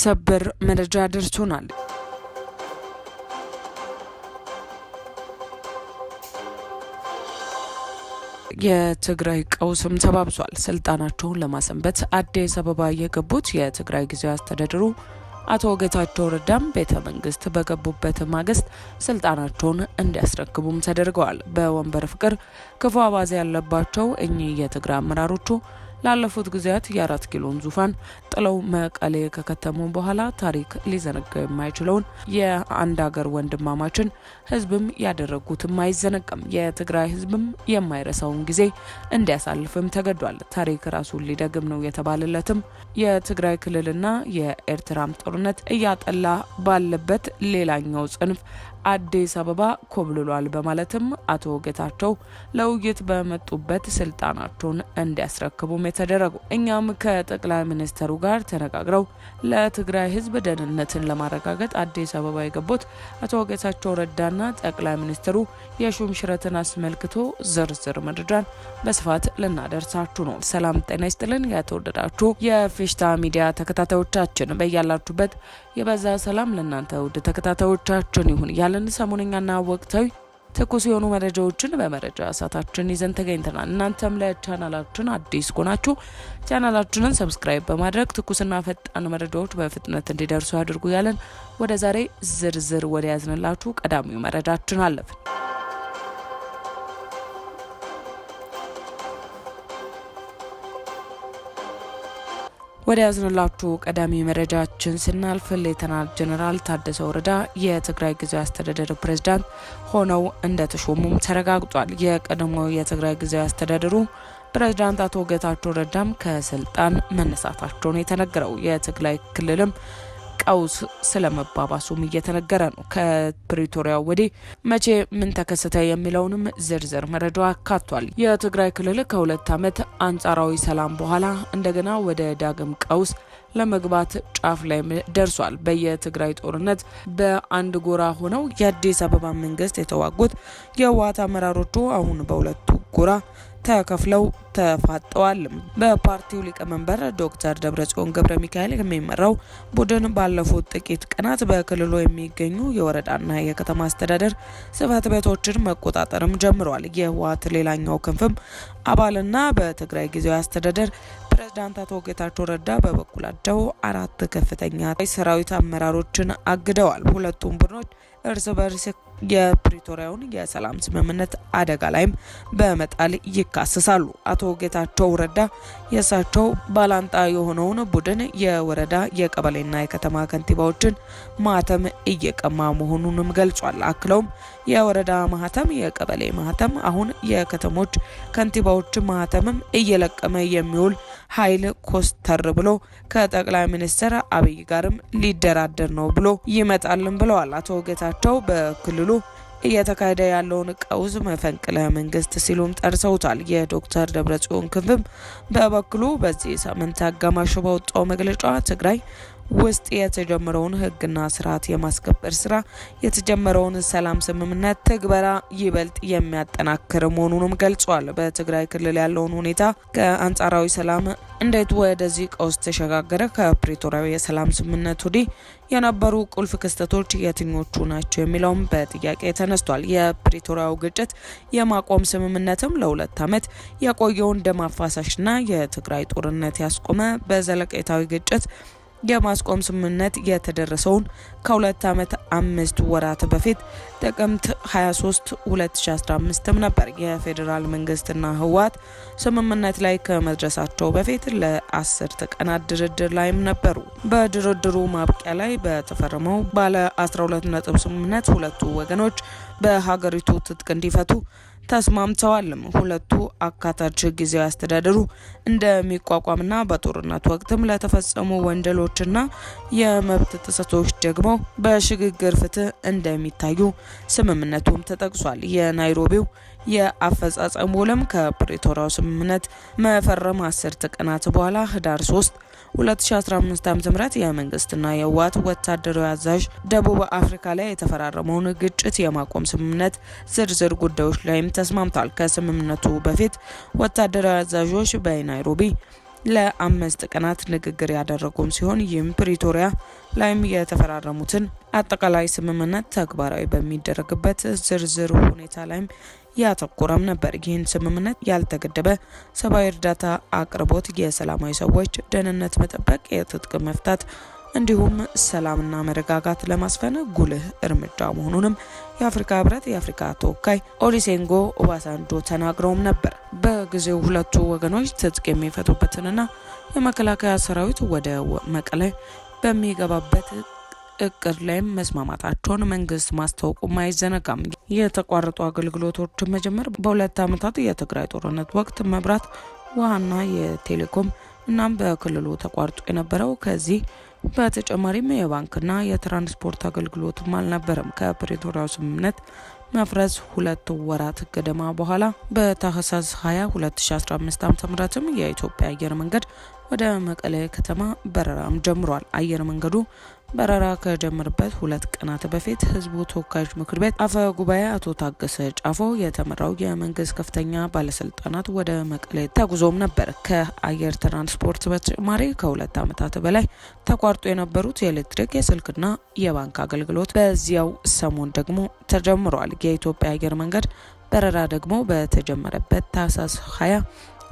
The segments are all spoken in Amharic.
ሰበር መረጃ ደርሶናል። የትግራይ ቀውስም ተባብሷል። ስልጣናቸውን ለማሰንበት አዲስ አበባ የገቡት የትግራይ ጊዜያዊ አስተዳደሩ አቶ ጌታቸው ረዳም ቤተ መንግስት በገቡበት ማግስት ስልጣናቸውን እንዲያስረክቡም ተደርገዋል። በወንበር ፍቅር ክፉ አባዜ ያለባቸው እኚህ የትግራይ አመራሮቹ ላለፉት ጊዜያት የአራት ኪሎን ዙፋን ጥለው መቀሌ ከከተሙ በኋላ ታሪክ ሊዘነጋው የማይችለውን የአንድ ሀገር ወንድማማችን ህዝብም ያደረጉትም አይዘነጋም። የትግራይ ህዝብም የማይረሳውን ጊዜ እንዲያሳልፍም ተገዷል። ታሪክ ራሱን ሊደግም ነው የተባለለትም የትግራይ ክልልና የኤርትራም ጦርነት እያጠላ ባለበት ሌላኛው ጽንፍ አዲስ አበባ ኮብልሏል በማለትም አቶ ጌታቸው ለውይይት በመጡበት ስልጣናቸውን እንዲያስረክቡም የተደረጉ እኛም ከጠቅላይ ሚኒስትሩ ጋር ተነጋግረው ለትግራይ ሕዝብ ደህንነትን ለማረጋገጥ አዲስ አበባ የገቡት አቶ ጌታቸው ረዳና ጠቅላይ ሚኒስትሩ የሹም ሽረትን አስመልክቶ ዝርዝር መረጃን በስፋት ልናደርሳችሁ ነው። ሰላም ጤና ይስጥልን። የተወደዳችሁ የፌሽታ ሚዲያ ተከታታዮቻችን በያላችሁበት የበዛ ሰላም ለእናንተ ውድ ተከታታዮቻችን ይሁን። እንቀጥላለን። ሰሞነኛና ወቅታዊ ትኩስ የሆኑ መረጃዎችን በመረጃ ሰዓታችን ይዘን ተገኝተናል። እናንተም ለቻናላችን አዲስ ከሆናችሁ ቻናላችንን ሰብስክራይብ በማድረግ ትኩስና ፈጣን መረጃዎች በፍጥነት እንዲደርሱ ያድርጉ። ያለን ወደ ዛሬ ዝርዝር ወደ ያዝንላችሁ ቀዳሚው መረጃችን አለፍን። ወደ ያዝንላችሁ ቀዳሚ መረጃችን ስናልፍ ሌተናል ጀኔራል ታደሰ ወረዳ የትግራይ ጊዜያዊ አስተዳደር ፕሬዝዳንት ሆነው እንደተሾሙም ተረጋግጧል። የቀድሞው የትግራይ ጊዜያዊ አስተዳደሩ ፕሬዝዳንት አቶ ጌታቸው ረዳም ከስልጣን መነሳታቸውን የተነገረው የትግራይ ክልልም ቀውስ ስለመባባሱም እየተነገረ ነው። ከፕሪቶሪያ ወዲህ መቼ ምን ተከሰተ የሚለውንም ዝርዝር መረጃ አካቷል። የትግራይ ክልል ከሁለት ዓመት አንጻራዊ ሰላም በኋላ እንደገና ወደ ዳግም ቀውስ ለመግባት ጫፍ ላይ ደርሷል። በየትግራይ ጦርነት በአንድ ጎራ ሆነው የአዲስ አበባ መንግስት የተዋጉት የህወሓት አመራሮቹ አሁን በሁለቱ ጎራ ተከፍለው ተፋጠዋል። በፓርቲው ሊቀመንበር ዶክተር ደብረጽዮን ገብረ ሚካኤል የሚመራው ቡድን ባለፉት ጥቂት ቀናት በክልሉ የሚገኙ የወረዳና የከተማ አስተዳደር ጽህፈት ቤቶችን መቆጣጠርም ጀምሯል። የህወሓት ሌላኛው ክንፍም አባልና በትግራይ ጊዜያዊ አስተዳደር ፕሬዝዳንት አቶ ጌታቸው ረዳ በበኩላቸው አራት ከፍተኛ ሰራዊት አመራሮችን አግደዋል። ሁለቱም ቡድኖች እርስ በርስ የፕሪቶሪያውን የሰላም ስምምነት አደጋ ላይም በመጣል ይካሰሳሉ። አቶ ጌታቸው ረዳ የእሳቸው ባላንጣ የሆነውን ቡድን የወረዳ የቀበሌና የከተማ ከንቲባዎችን ማህተም እየቀማ መሆኑንም ገልጿል። አክለውም የወረዳ ማህተም፣ የቀበሌ ማህተም፣ አሁን የከተሞች ከንቲባዎች ማህተምም እየለቀመ የሚውል ኃይል ኮስተር ብሎ ከጠቅላይ ሚኒስትር አብይ ጋርም ሊደራደር ነው ብሎ ይመጣልን ብለዋል አቶ ጌታቸው በክልሉ እየተካሄደ ያለውን ቀውስ መፈንቅለ መንግስት ሲሉም ጠርሰውታል። የዶክተር ደብረጽዮን ክንፍም በበኩሉ በዚህ ሳምንት አጋማሽ ባወጣው መግለጫ ትግራይ ውስጥ የተጀመረውን ህግና ስርዓት የማስከበር ስራ የተጀመረውን ሰላም ስምምነት ትግበራ ይበልጥ የሚያጠናክር መሆኑንም ገልጿል። በትግራይ ክልል ያለውን ሁኔታ ከአንጻራዊ ሰላም እንዴት ወደዚህ ቀውስ ተሸጋገረ? ከፕሪቶሪያዊ የሰላም ስምምነት ወዲህ የነበሩ ቁልፍ ክስተቶች የትኞቹ ናቸው? የሚለውም በጥያቄ ተነስቷል። የፕሪቶሪያው ግጭት የማቆም ስምምነትም ለሁለት ዓመት የቆየውን ደም አፋሳሽና የትግራይ ጦርነት ያስቆመ በዘለቄታዊ ግጭት የማስቆም ስምምነት የተደረሰውን ከሁለት ዓመት አምስት ወራት በፊት ጥቅምት 23 2015 ነበር። የፌዴራል መንግስትና ህወሓት ስምምነት ላይ ከመድረሳቸው በፊት ለአስርት ቀናት ድርድር ላይም ነበሩ። በድርድሩ ማብቂያ ላይ በተፈረመው ባለ 12 ነጥብ ስምምነት ሁለቱ ወገኖች በሀገሪቱ ትጥቅ እንዲፈቱ ተስማምተዋል። ሁለቱ አካታች ጊዜያዊ አስተዳደሩ እንደሚቋቋምና በጦርነት ወቅትም ለተፈጸሙ ወንጀሎችና የመብት ጥሰቶች ደግሞ በሽግግር ፍትህ እንደሚታዩ ስምምነቱም ተጠቅሷል። የናይሮቢው የአፈጻጸም ውልም ከፕሪቶሪያው ስምምነት መፈረም አስርት ቀናት በኋላ ህዳር 3 2015 ዓ ም የመንግስትና የህወሓት ወታደራዊ አዛዥ ደቡብ አፍሪካ ላይ የተፈራረመውን ግጭት የማቆም ስምምነት ዝርዝር ጉዳዮች ላይም ተስማምቷል። ከስምምነቱ በፊት ወታደራዊ አዛዦች በናይሮቢ ለአምስት ቀናት ንግግር ያደረጉም ሲሆን ይህም ፕሪቶሪያ ላይም የተፈራረሙትን አጠቃላይ ስምምነት ተግባራዊ በሚደረግበት ዝርዝር ሁኔታ ላይም ያተኮረም ነበር። ይህን ስምምነት ያልተገደበ ሰብአዊ እርዳታ አቅርቦት፣ የሰላማዊ ሰዎች ደህንነት መጠበቅ፣ የትጥቅ መፍታት እንዲሁም ሰላምና መረጋጋት ለማስፈን ጉልህ እርምጃ መሆኑንም የአፍሪካ ህብረት የአፍሪካ ተወካይ ኦሊሴንጎ ኦባሳንጆ ተናግረውም ነበር። በጊዜው ሁለቱ ወገኖች ትጥቅ የሚፈቱበትንና የመከላከያ ሰራዊት ወደ መቀለ በሚገባበት እቅድ ላይም መስማማታቸውን መንግስት ማስታወቁ አይዘነጋም። የተቋረጡ አገልግሎቶች መጀመር በሁለት ዓመታት የትግራይ ጦርነት ወቅት መብራት፣ ውሃና የቴሌኮም እናም በክልሉ ተቋርጦ የነበረው ከዚህ በተጨማሪም የባንክና የትራንስፖርት አገልግሎትም አልነበረም። ከፕሬቶሪያው ስምምነት መፍረስ ሁለት ወራት ገደማ በኋላ በታህሳስ 20 2015 ዓ.ም የኢትዮጵያ አየር መንገድ ወደ መቀለ ከተማ በረራም ጀምሯል። አየር መንገዱ በረራ ከጀመረበት ሁለት ቀናት በፊት ህዝቡ ተወካዮች ምክር ቤት አፈ ጉባኤ አቶ ታገሰ ጫፎ የተመራው የመንግስት ከፍተኛ ባለስልጣናት ወደ መቀሌ ተጉዞም ነበር። ከአየር ትራንስፖርት በተጨማሪ ከሁለት ዓመታት በላይ ተቋርጦ የነበሩት የኤሌክትሪክ የስልክና የባንክ አገልግሎት በዚያው ሰሞን ደግሞ ተጀምሯል። የኢትዮጵያ አየር መንገድ በረራ ደግሞ በተጀመረበት ታህሳስ 20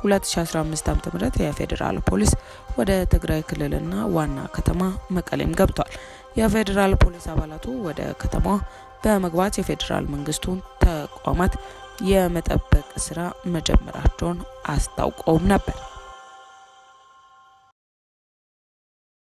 2015 ዓ.ም የፌዴራል ፖሊስ ወደ ትግራይ ክልልና ዋና ከተማ መቀሌም ገብቷል። የፌዴራል ፖሊስ አባላቱ ወደ ከተማዋ በመግባት የፌዴራል መንግስቱን ተቋማት የመጠበቅ ስራ መጀመራቸውን አስታውቀውም ነበር።